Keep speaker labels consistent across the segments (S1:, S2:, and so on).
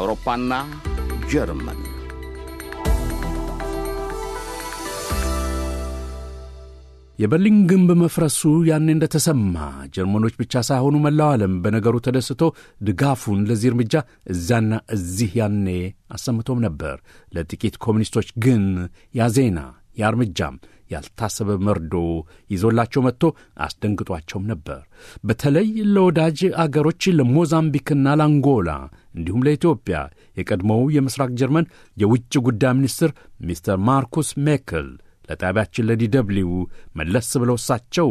S1: አውሮፓና ጀርመን የበርሊን ግንብ መፍረሱ ያኔ እንደተሰማ ጀርመኖች ብቻ ሳይሆኑ መላው ዓለም በነገሩ ተደስቶ ድጋፉን ለዚህ እርምጃ እዚያና እዚህ ያኔ አሰምቶም ነበር። ለጥቂት ኮሚኒስቶች ግን ያ ዜና ያ እርምጃም ያልታሰበ መርዶ ይዞላቸው መጥቶ አስደንግጧቸውም ነበር። በተለይ ለወዳጅ አገሮች ለሞዛምቢክና ለአንጎላ እንዲሁም ለኢትዮጵያ የቀድሞው የምሥራቅ ጀርመን የውጭ ጉዳይ ሚኒስትር ሚስተር ማርኩስ ሜክል ለጣቢያችን ለዲደብሊው መለስ ብለው እሳቸው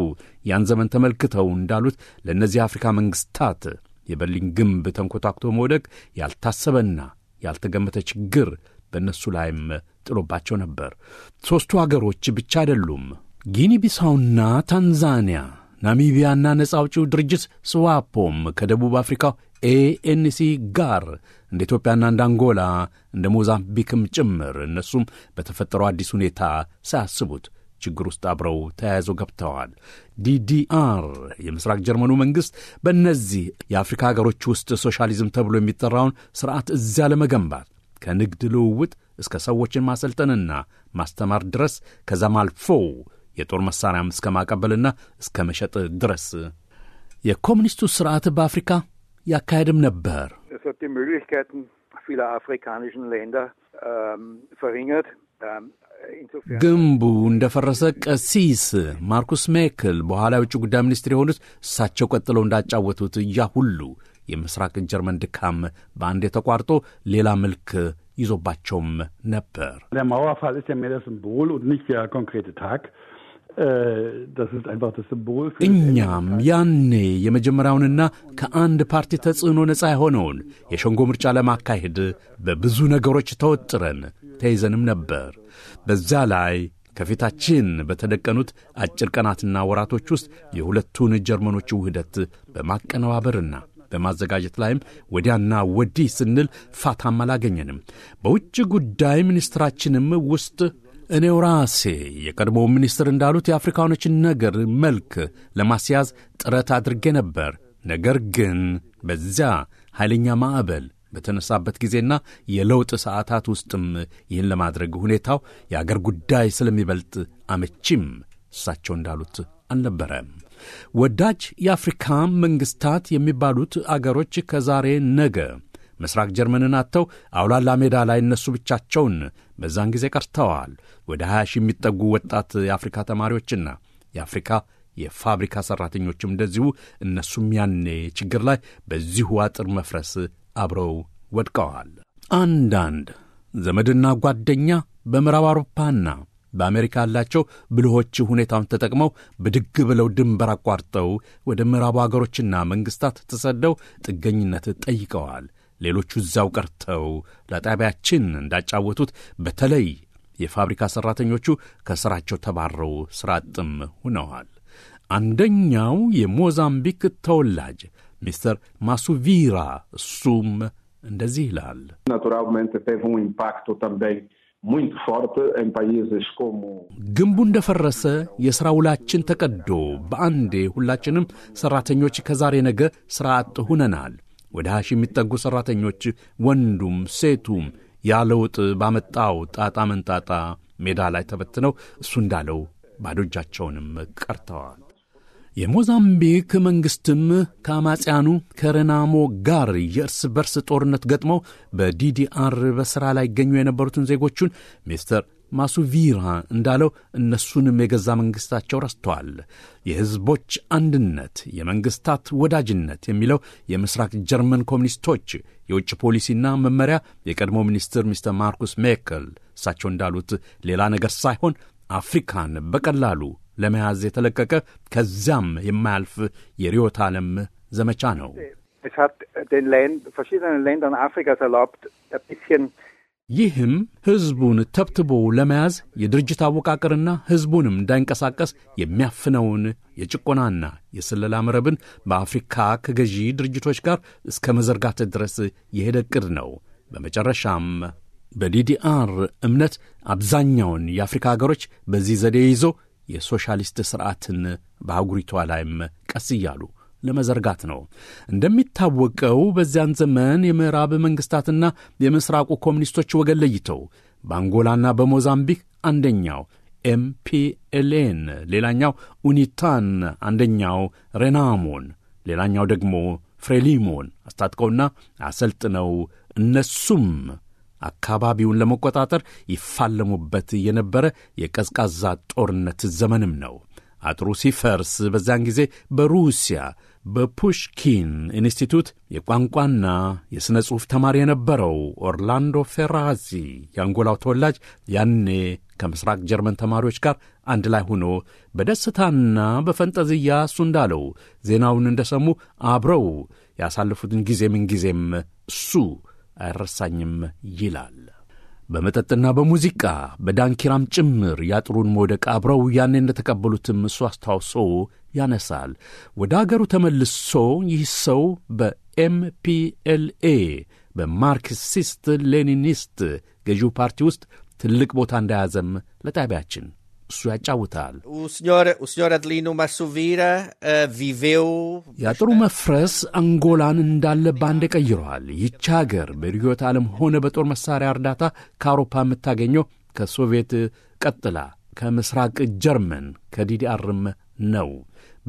S1: ያን ዘመን ተመልክተው እንዳሉት ለእነዚህ የአፍሪካ መንግሥታት የበርሊን ግንብ ተንኮታኩቶ መውደቅ ያልታሰበና ያልተገመተ ችግር በእነሱ ላይም ጥሎባቸው ነበር። ሦስቱ አገሮች ብቻ አይደሉም። ጊኒ ቢሳውና ታንዛኒያ ናሚቢያና ነጻ አውጪው ድርጅት ስዋፖም ከደቡብ አፍሪካው ኤኤንሲ ጋር እንደ ኢትዮጵያና እንደ አንጎላ እንደ ሞዛምቢክም ጭምር እነሱም በተፈጠረው አዲስ ሁኔታ ሳያስቡት ችግር ውስጥ አብረው ተያይዘው ገብተዋል። ዲዲአር የምስራቅ ጀርመኑ መንግሥት በእነዚህ የአፍሪካ ሀገሮች ውስጥ ሶሻሊዝም ተብሎ የሚጠራውን ስርዓት እዚያ ለመገንባት ከንግድ ልውውጥ እስከ ሰዎችን ማሰልጠንና ማስተማር ድረስ ከዛም አልፎው የጦር መሳሪያም እስከ ማቀበልና እስከ መሸጥ ድረስ የኮሚኒስቱ ስርዓት በአፍሪካ ያካሄድም ነበር። ግንቡ እንደፈረሰ ቀሲስ ማርኩስ ሜክል በኋላ የውጭ ጉዳይ ሚኒስትር የሆኑት እሳቸው ቀጥለው እንዳጫወቱት እያ ሁሉ የምስራቅ ጀርመን ድካም በአንድ ተቋርጦ ሌላ መልክ ይዞባቸውም ነበር። Äh, እኛም ያኔ የመጀመሪያውንና ከአንድ ፓርቲ ተጽዕኖ ነጻ የሆነውን የሸንጎ ምርጫ ለማካሄድ በብዙ ነገሮች ተወጥረን ተይዘንም ነበር። በዚያ ላይ ከፊታችን በተደቀኑት አጭር ቀናትና ወራቶች ውስጥ የሁለቱን ጀርመኖች ውህደት በማቀነባበርና በማዘጋጀት ላይም ወዲያና ወዲህ ስንል ፋታም አላገኘንም። በውጭ ጉዳይ ሚኒስትራችንም ውስጥ እኔው ራሴ የቀድሞ ሚኒስትር እንዳሉት የአፍሪካኖችን ነገር መልክ ለማስያዝ ጥረት አድርጌ ነበር። ነገር ግን በዚያ ኃይለኛ ማዕበል በተነሳበት ጊዜና የለውጥ ሰዓታት ውስጥም ይህን ለማድረግ ሁኔታው የአገር ጉዳይ ስለሚበልጥ አመቺም እሳቸው እንዳሉት አልነበረም። ወዳጅ የአፍሪካ መንግሥታት የሚባሉት አገሮች ከዛሬ ነገ ምስራቅ ጀርመንን አጥተው አውላላ ሜዳ ላይ እነሱ ብቻቸውን በዛን ጊዜ ቀርተዋል። ወደ 20 ሺህ የሚጠጉ ወጣት የአፍሪካ ተማሪዎችና የአፍሪካ የፋብሪካ ሠራተኞችም እንደዚሁ እነሱም ያኔ ችግር ላይ በዚሁ አጥር መፍረስ አብረው ወድቀዋል። አንዳንድ ዘመድና ጓደኛ በምዕራብ አውሮፓና በአሜሪካ ያላቸው ብልሆች ሁኔታውን ተጠቅመው ብድግ ብለው ድንበር አቋርጠው ወደ ምዕራቡ አገሮችና መንግሥታት ተሰደው ጥገኝነት ጠይቀዋል። ሌሎቹ እዛው ቀርተው ለጣቢያችን እንዳጫወቱት በተለይ የፋብሪካ ሠራተኞቹ ከሥራቸው ተባረው ሥራ አጥም ሆነዋል። አንደኛው የሞዛምቢክ ተወላጅ ሚስተር ማሱቪራ እሱም እንደዚህ ይላል። um ግንቡ እንደፈረሰ የሥራ ውላችን ተቀዶ በአንዴ ሁላችንም ሠራተኞች ከዛሬ ነገ ሥራ አጥ ሁነናል። ወደ ሀሺ የሚጠጉ ሠራተኞች ወንዱም ሴቱም ያለውጥ ባመጣው ጣጣ መንጣጣ ሜዳ ላይ ተበትነው እሱ እንዳለው ባዶ እጃቸውንም ቀርተዋል። የሞዛምቢክ መንግሥትም ከአማጽያኑ ከረናሞ ጋር የእርስ በርስ ጦርነት ገጥመው በዲዲአር በሥራ ላይ ይገኙ የነበሩትን ዜጎቹን ሚስተር ማሱቪራ እንዳለው እነሱንም የገዛ መንግሥታቸው ረስተዋል። የሕዝቦች አንድነት፣ የመንግሥታት ወዳጅነት የሚለው የምሥራቅ ጀርመን ኮሚኒስቶች የውጭ ፖሊሲና መመሪያ የቀድሞ ሚኒስትር ሚስተር ማርኩስ ሜክል እሳቸው እንዳሉት ሌላ ነገር ሳይሆን አፍሪካን በቀላሉ ለመያዝ የተለቀቀ ከዚያም የማያልፍ የርዕዮተ ዓለም ዘመቻ ነው። ይህም ሕዝቡን ተብትቦ ለመያዝ የድርጅት አወቃቀርና ሕዝቡንም እንዳይንቀሳቀስ የሚያፍነውን የጭቆናና የስለላ መረብን በአፍሪካ ከገዢ ድርጅቶች ጋር እስከ መዘርጋት ድረስ የሄደ ዕቅድ ነው። በመጨረሻም በዲዲአር እምነት አብዛኛውን የአፍሪካ አገሮች በዚህ ዘዴ ይዞ የሶሻሊስት ሥርዓትን በአጉሪቷ ላይም ቀስ እያሉ ለመዘርጋት ነው። እንደሚታወቀው በዚያን ዘመን የምዕራብ መንግሥታትና የምሥራቁ ኮሚኒስቶች ወገን ለይተው በአንጎላና በሞዛምቢክ አንደኛው ኤምፒኤልኤን፣ ሌላኛው ኡኒታን፣ አንደኛው ሬናሞን፣ ሌላኛው ደግሞ ፍሬሊሞን አስታጥቀውና አሰልጥነው እነሱም አካባቢውን ለመቆጣጠር ይፋለሙበት የነበረ የቀዝቃዛ ጦርነት ዘመንም ነው። አጥሩ ሲፈርስ በዚያን ጊዜ በሩሲያ በፑሽኪን ኢንስቲቱት የቋንቋና የሥነ ጽሑፍ ተማሪ የነበረው ኦርላንዶ ፌራዚ የአንጎላው ተወላጅ ያኔ ከምሥራቅ ጀርመን ተማሪዎች ጋር አንድ ላይ ሆኖ በደስታና በፈንጠዝያ እሱ እንዳለው ዜናውን እንደሰሙ አብረው ያሳለፉትን ጊዜ ምንጊዜም እሱ አይረሳኝም ይላል። በመጠጥና በሙዚቃ በዳንኪራም ጭምር ያጥሩን መውደቅ አብረው ያኔ እንደተቀበሉትም እሱ አስታውሶ ያነሳል። ወደ አገሩ ተመልሶ ይህ ሰው በኤምፒኤልኤ በማርክሲስት ሌኒኒስት ገዢው ፓርቲ ውስጥ ትልቅ ቦታ እንደያዘም ለጣቢያችን እሱ ያጫውታል። የአጥሩ eh, መፍረስ አንጎላን እንዳለ ባንድ ቀይረዋል። ይቺ ሀገር በርዕዮተ ዓለም ሆነ በጦር መሳሪያ እርዳታ ከአውሮፓ የምታገኘው ከሶቪየት ቀጥላ ከምስራቅ ጀርመን ከዲዲአርም ነው።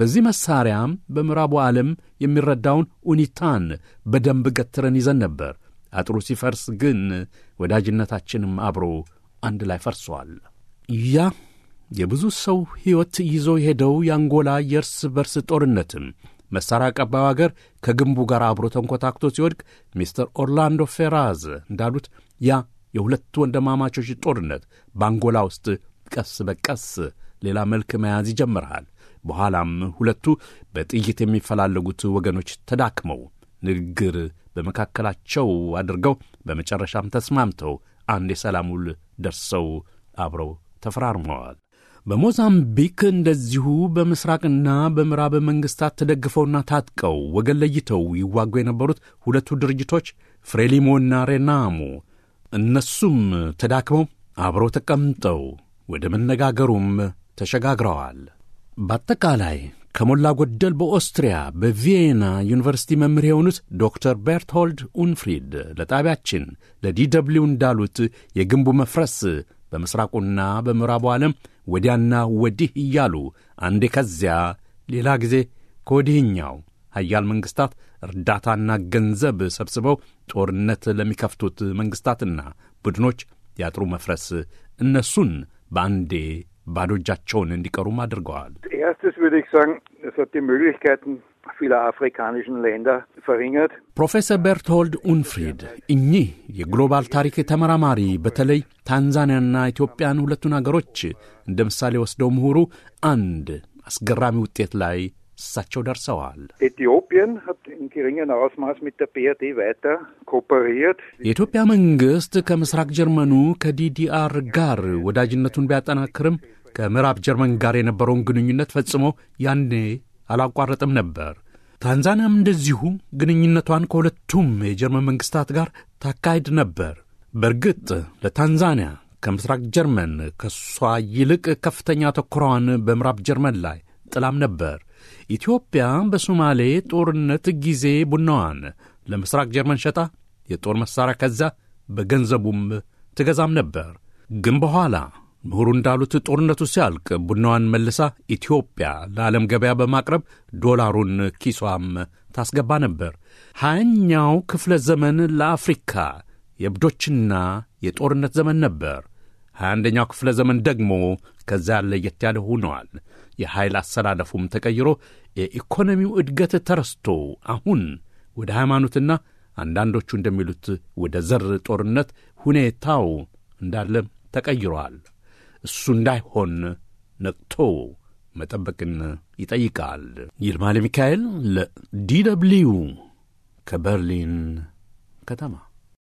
S1: በዚህ መሳሪያም በምዕራቡ ዓለም የሚረዳውን ኡኒታን በደንብ ገትረን ይዘን ነበር። አጥሩ ሲፈርስ ግን ወዳጅነታችንም አብሮ አንድ ላይ ፈርሷል። ያ የብዙ ሰው ሕይወት ይዞ የሄደው የአንጎላ የእርስ በርስ ጦርነትም መሣሪያ ቀባዩ አገር ከግንቡ ጋር አብሮ ተንኮታክቶ ሲወድቅ ሚስተር ኦርላንዶ ፌራዝ እንዳሉት ያ የሁለት ወንድማማቾች ጦርነት በአንጎላ ውስጥ ቀስ በቀስ ሌላ መልክ መያዝ ይጀምርሃል። በኋላም ሁለቱ በጥይት የሚፈላለጉት ወገኖች ተዳክመው ንግግር በመካከላቸው አድርገው በመጨረሻም ተስማምተው አንድ የሰላም ውል ደርሰው አብረው ተፈራርመዋል። በሞዛምቢክ እንደዚሁ በምስራቅና በምዕራብ መንግሥታት ተደግፈውና ታጥቀው ወገን ለይተው ይዋጉ የነበሩት ሁለቱ ድርጅቶች ፍሬሊሞና ሬናሞ እነሱም ተዳክመው አብረው ተቀምጠው ወደ መነጋገሩም ተሸጋግረዋል። በአጠቃላይ ከሞላ ጎደል በኦስትሪያ በቪየና ዩኒቨርሲቲ መምህር የሆኑት ዶክተር ቤርትሆልድ ኡንፍሪድ ለጣቢያችን ለዲ ደብልዩ እንዳሉት የግንቡ መፍረስ በምሥራቁና በምዕራቡ ዓለም ወዲያና ወዲህ እያሉ አንዴ ከዚያ ሌላ ጊዜ ከወዲህኛው ሀያል መንግሥታት እርዳታና ገንዘብ ሰብስበው ጦርነት ለሚከፍቱት መንግሥታትና ቡድኖች የአጥሩ መፍረስ እነሱን በአንዴ ባዶ እጃቸውን እንዲቀሩም አድርገዋል። vieler afrikanischen Länder verringert. ፕሮፌሰር በርትሆልድ ኡንፍሪድ እኚህ የግሎባል ታሪክ ተመራማሪ በተለይ ታንዛኒያና ኢትዮጵያን ሁለቱን አገሮች እንደ ምሳሌ ወስደው ምሁሩ አንድ አስገራሚ ውጤት ላይ እሳቸው ደርሰዋል። የኢትዮጵያ መንግሥት ከምስራቅ ጀርመኑ ከዲዲአር ጋር ወዳጅነቱን ቢያጠናክርም ከምዕራብ ጀርመን ጋር የነበረውን ግንኙነት ፈጽሞ ያኔ አላቋረጥም ነበር። ታንዛኒያም እንደዚሁ ግንኙነቷን ከሁለቱም የጀርመን መንግሥታት ጋር ታካሂድ ነበር። በእርግጥ ለታንዛኒያ ከምስራቅ ጀርመን ከእሷ ይልቅ ከፍተኛ ተኩሯን በምዕራብ ጀርመን ላይ ጥላም ነበር። ኢትዮጵያ በሶማሌ ጦርነት ጊዜ ቡናዋን ለምስራቅ ጀርመን ሸጣ የጦር መሣሪያ ከዚያ በገንዘቡም ትገዛም ነበር ግን በኋላ ምሁሩ እንዳሉት ጦርነቱ ሲያልቅ ቡናዋን መልሳ ኢትዮጵያ ለዓለም ገበያ በማቅረብ ዶላሩን ኪሷም ታስገባ ነበር። ሀያኛው ክፍለ ዘመን ለአፍሪካ የእብዶችና የጦርነት ዘመን ነበር። ሀያ አንደኛው ክፍለ ዘመን ደግሞ ከዚያ ለየት ያለ ሆነዋል። የኃይል አሰላለፉም ተቀይሮ የኢኮኖሚው እድገት ተረስቶ አሁን ወደ ሃይማኖትና አንዳንዶቹ እንደሚሉት ወደ ዘር ጦርነት ሁኔታው እንዳለ ተቀይሯል። እሱ እንዳይሆን ነቅቶ መጠበቅን ይጠይቃል። ይልማል ሚካኤል ለዲ ደብልዩ ከበርሊን ከተማ